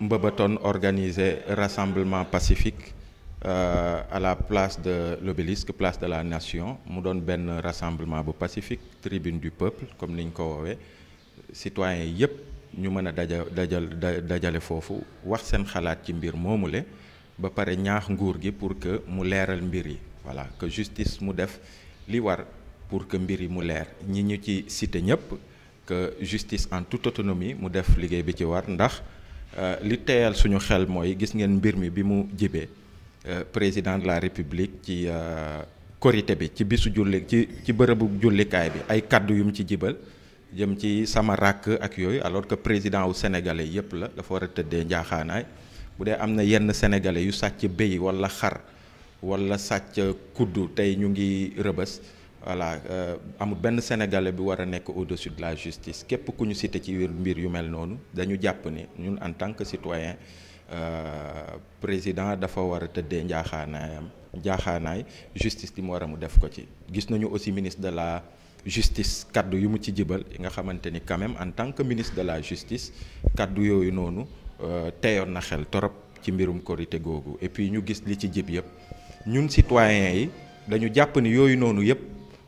mbëbëtoon organiser rassemblement pacifique euh, à la place de l'obélisque place de la nation Nous donne ben rassemblement pacifique tribune du peuple comme nous ñu ko woowee citoyens yëpp ñu mën dajal d'ajalé foofu wax sen xalaat ci mbir moomule ba pare ñaax nguur pour que mu leeral mbir yi voilà que justice mu def li pour que mbir yi mu leer ñi ñu ci cité ñëpp que justice en toute autonomie mu def liggéey bi ci war ndax euh, li teyal suñu xel moy gis ngeen mbir mi bi mu jibee euh, président de la république ci euh, korité bi ci bisu julli ci ci bërëbu kay bi ay kaddu yu mu ci jibal jëm ci sama rak ak yoy alors que président wu sénégalais yépp la dafa wara a tëddee njaaxaanaay bu dee yenn sénégalais yu sàcc béy wala xar wala sàcc kuddu tay ñu ngi rëbës voilà euh, amul Ben sénégalais bi wara nek au-dessus de la justice kep ku ñu cité ci mbir yu mel nonu dañu japp ni ñun en tant que citoyen euh, président dafa wara a tëddee njaaxaanaayam justice li mo wara mu def ko ci gis nañu aussi ministre de la justice kaddu yu mu ci jibal nga xamanteni quand même en tant que ministre de la justice kaddu yooyu noonu euh, teyoon na xel torop ci mbirum korité googu et puis ñu gis li ci jib yeb ñun citoyen yi dañu japp ni yoyu nonu yeb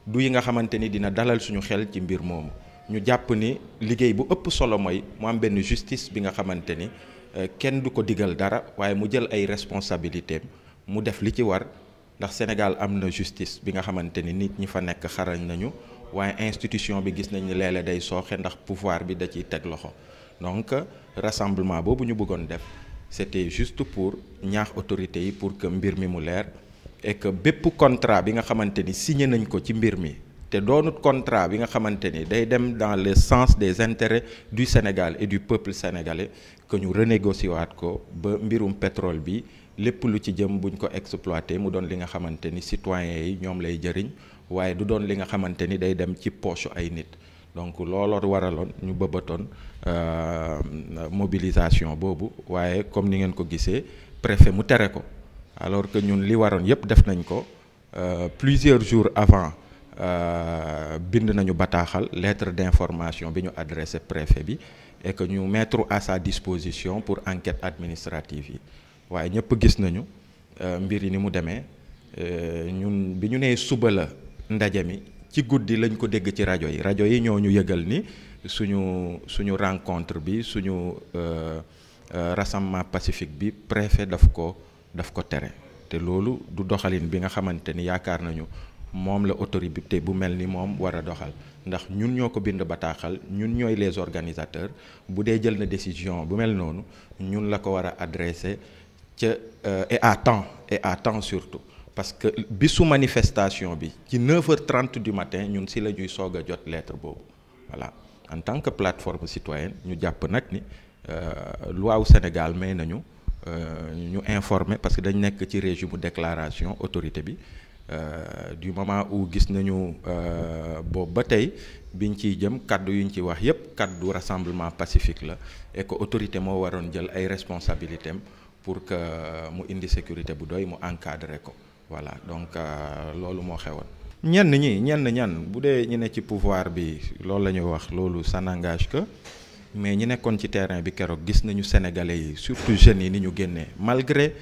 du yi nga xamante ni dina dalal suñu xel ci mbir moomu ñu jàpp ni liggéey bu ëpp solo mooy mu am benn justice bi nga xamante ni euh, kenn du ko digal dara waaye mu jël ay responsabilités mu def li ci war ndax Sénégal am na justice bi nga xamante ni nit ñi fa nekk xarañ nañu waaye institution bi gis nañ ni léeg day sooxe ndax pouvoir bi da ciy teg loxo donc rassemblement boobu ñu bëggoon def c'était juste pour ñaax autorité yi pour que mbir mi mu leer. et que bépp contrat bi nga xamante ni signé nañ ko ci mbir mi te doonut contrat bi nga xamante ni day dem dans le sens des intérêts du Sénégal et du peuple sénégalais que ñu renégocier waat ko ba mbirum pétrole bi lépp lu ci jëm buñ ko exploiter mu doon li nga xamante ni citoyens yi ñoom lay jëriñ waaye du doon li nga xamante ni day dem ci poche ay nit donc loolu waraloon ñu bëbatoon euh, mobilisation boobu waaye comme ni ngeen ko gisee préfet mu tere ko alors que nous avons fait plusieurs jours avant euh, bind nañu lettre d'information bi préfet et que ñu mettre à sa disposition pour enquête administrative yi waaye gis nañu euh, mbir ni mu euh, ñun bi ñu la ci lañ ko dégg ci yi yi ñoo rencontre bi suñu rassemblement pacifique bi préfet daf daf ko téré té lolu du doxalin bi nga xamanténi ni nañu mom la autorité bu melni mom wara doxal ndax ñun ñoko bind bataxal ñun ñoy les organisateurs bu dé jël na décision bu mel nonu ñun la ko wara adresser ci euh, et à temps et à temps surtout parce que bisu manifestation bi ci 9h30 du matin ñun si la ñuy soga jot lettre boobu voilà en tant que plateforme citoyenne ñu japp nak ni euh, loi au Sénégal may nañu nous euh, informer parce que dañ régime déclaration autorité bi euh, du moment où gis nañu euh, nous biñ ci jëm cadre rassemblement pacifique et que autorité responsabilités pour que euh, mu indi sécurité bu doy voilà donc mo ñi ñan ci pouvoir bi que mais ñi nekkoon ci terrain bi keroog gis nañu sénégalais yi surtout jeunes yi ni ñu génnee malgré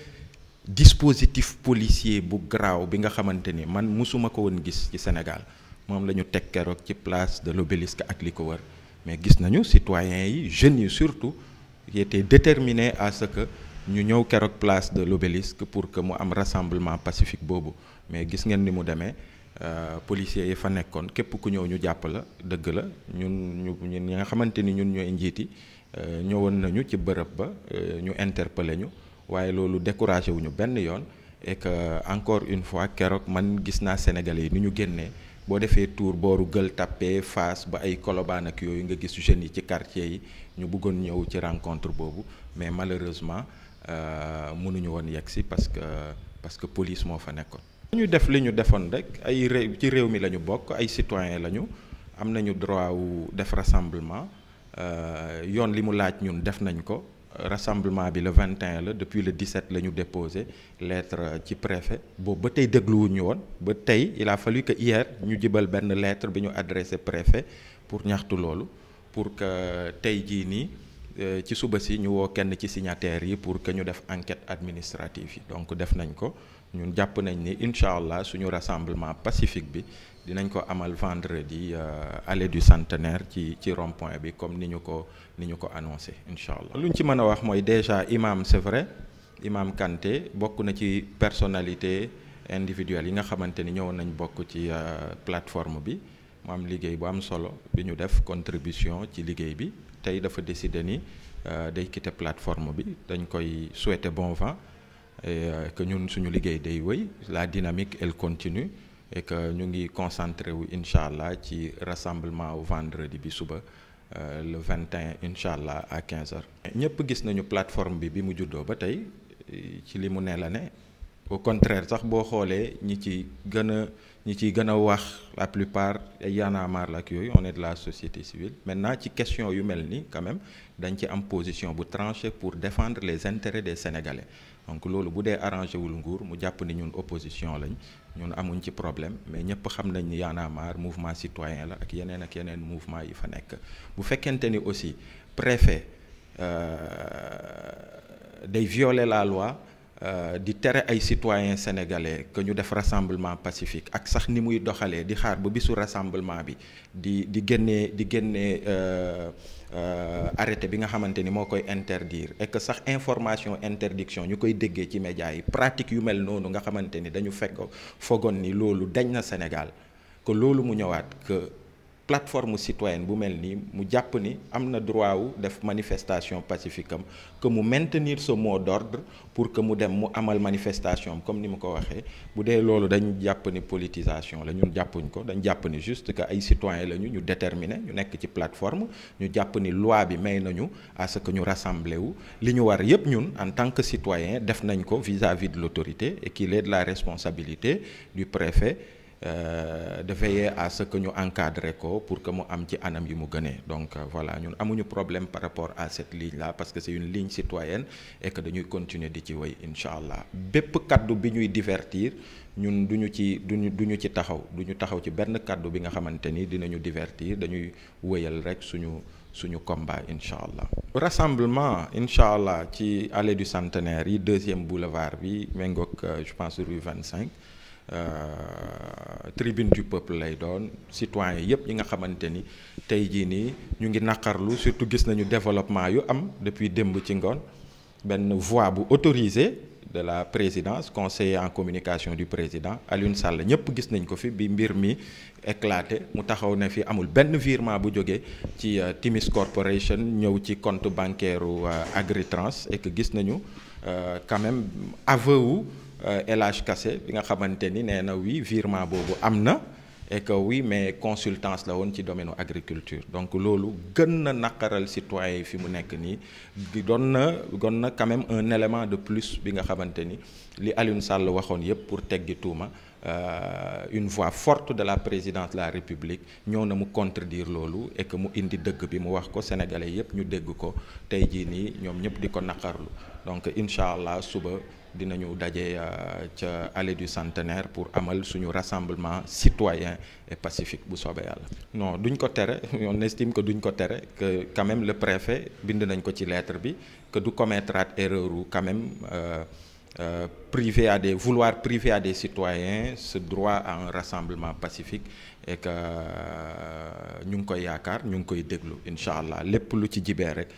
dispositif policier bu graw bi nga xamante ni man musuma ko woon gis ci Sénégal Nous avons ñu teg ci place de l'obélisque ak li wër mais gis nañu citoyens yi jeunes yi surtout étaient déterminés à ce que ñu ñëw keroog place de l'obélisque pour que mu am rassemblement pacifique boobu mais gis ngeen ni mu demee euh, policiers yi fa nekkoon képp ku ñëw ñu jàpp la dëgg la ñun ñu ñi nga xamante ni ñun ñooy njiiti euh, ñëwoon nañu ci bërëb ba euh, ñu interpellé ñu waaye loolu découragé wuñu benn yoon et que encore une fois keroog man gis naa Sénégalais yi ni ñu génnee boo defee tour booru Gueule Tapée face ba ay koloban ak yooyu nga gis jeunes yi ci quartier yi ñu bëggoon ñëw ci rencontre boobu mais malheureusement mënuñu woon yegg si parce que parce que police moo fa nekkoon ñu def li ñu defoon rek ay réew ci réew mi lañu ñu bokk ay citoyen lañu am nañu droit wu def rassemblement euh, yoon li mu laaj ñun def nañ ko rassemblement bi le 21 la depuis le 17 la ñu déposé lettre ci préfet boobu ba tey dégluwuñu ñu woon ba tey il a fallu que hier ñu jibal benn lettre bi ñu adressé préfet pour ñaxtu loolu pour que tey jii nii euh, ci suba si ñu woo kenn ci signataire yi pour que ñu def enquête administrative yi donc def nañ ko ñun jàpp nañ ni inshallah suñu rassemblement pacifique bi dinañ ko amal vendredi euh, allée du centenaire ci ci rond point bi comme niñu ko niñu ko annoncé inshallah. luñ ci mëna wax moy déjà imam c'est vrai imam Kanté bokku na ci personnalité individuelle yi nga xamanteni ni ñëw nañ bokk ci euh, plateforme bi mo am liggéey bu am solo bi ñu def contribution ci liggéey bi tey dafa décider ni euh, day quitter plateforme bi dañ koy souhaiter bon vent et euh, que ñun suñu liggéey day oui, la dynamique elle continue et que nous nous concentrons, Inch'Allah, incha rassemblement au vendredi bi suba euh, le 21 Inch'Allah, à 15 h ñepp gis nañu plateforme bi bi mu qui ba tay ci li mu ne la au contraire sax bo xolé ñi ci gëna ñi ci gëna wax la plupart yana mar a marre la on est de la société civile maintenant ci question yu melni quand même dañ ci am position bu tranchée pour défendre les intérêts des Sénégalais donc loolu bu arrangé wul nguur mu japp ni ñun opposition lañ ñun amuñ ci problème mais ñepp xam nañ ni Y mar mouvement citoyen la ak yenen ak yenen mouvement yi fa nek bu fekkente ni aussi préfet euh, day violer la loi euh, di téré ay citoyens sénégalais que ñu un rassemblement pacifique ak sax ni muy doxalé di xaar rassemblement bi di di di euh, euh, arrêté interdire et que sax information interdiction ñukoy pratique yu mel nga dañu fekk ni dañ na Sénégal que que plateforme citoyenne bu mel mu japp ni droit wu def manifestation pacifique pacifiques, que mu maintenir ce mot d'ordre pour que mu dem mu amal manifestation comme ni ma ko waxee bu dé lolu dañ ni politisation la ñun jappuñ ko dañ japp ni juste que ay citoyens la ñu déterminer ñu nekk ci plateforme ñu japp ni loi bi may nañu à ce que ñu rassembler wu li ñu war yépp ñun en tant que citoyen def nañ ko vis-à-vis de l'autorité et qu'il est de la responsabilité du préfet euh, de veiller à ce que nous encadrer ko pour que nous am ci anam yu mu donc euh, voilà ñun amuñu problème par rapport à cette ligne là parce que c'est une ligne citoyenne et que dañuy continuer di ci wëy inshallah bép cadeau nous bi ñuy divertir ñun duñu ci duñu duñu ci taxaw duñu taxaw ci benn cadeau bi nga dinañu divertir dañuy wëyel rek suñu suñu combat inshallah rassemblement inshallah ci allée du centenaire yi deuxième boulevard bi euh, je pense rue 25. Euh, tribune du peuple lay citoyen ñi nga ni ñu ngi surtout gis nañu développement yu am depuis ci autorisée de la présidence conseiller en communication du président Alioune Sall ñëpp gis nañ ko fi bi mbir mi éclaté mu taxaw ne fi amul virement bu euh, Timis Corporation ñëw ci compte bancaire euh, Agritrans et que gis nañu quand même aveu euh, LHKC, Hadj Kassé bi virement amna et que oui mais consultance la dans le domaine agriculture donc c'est ce le citoyen quand même un élément de plus bi nga que qui li Alioune pour euh, une voix forte de la présidente de la République nous na contredire lolo, et que mu indi nous bi mu wax les sénégalais yépp ñu ko donc dinañu dajé euh, ci allée du centenaire pour amal suñu rassemblement citoyen et pacifique bu soobee yalla non duñ ko téré on estime que duñ ko téré que quand même le préfet bind nañ ko ci lettre bi que du commettre erreur ou quand même. Euh, Euh, privé à des vouloir privé à des citoyens ce droit à un rassemblement pacifique et que euh, ñu ngi koy yaakaar ñu ngi koy déglu inshallah lepp lu ci jibé rek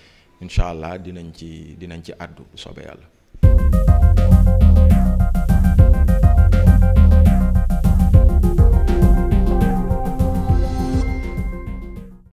inshallah dinañ ci dinañ ci addu soobee yalla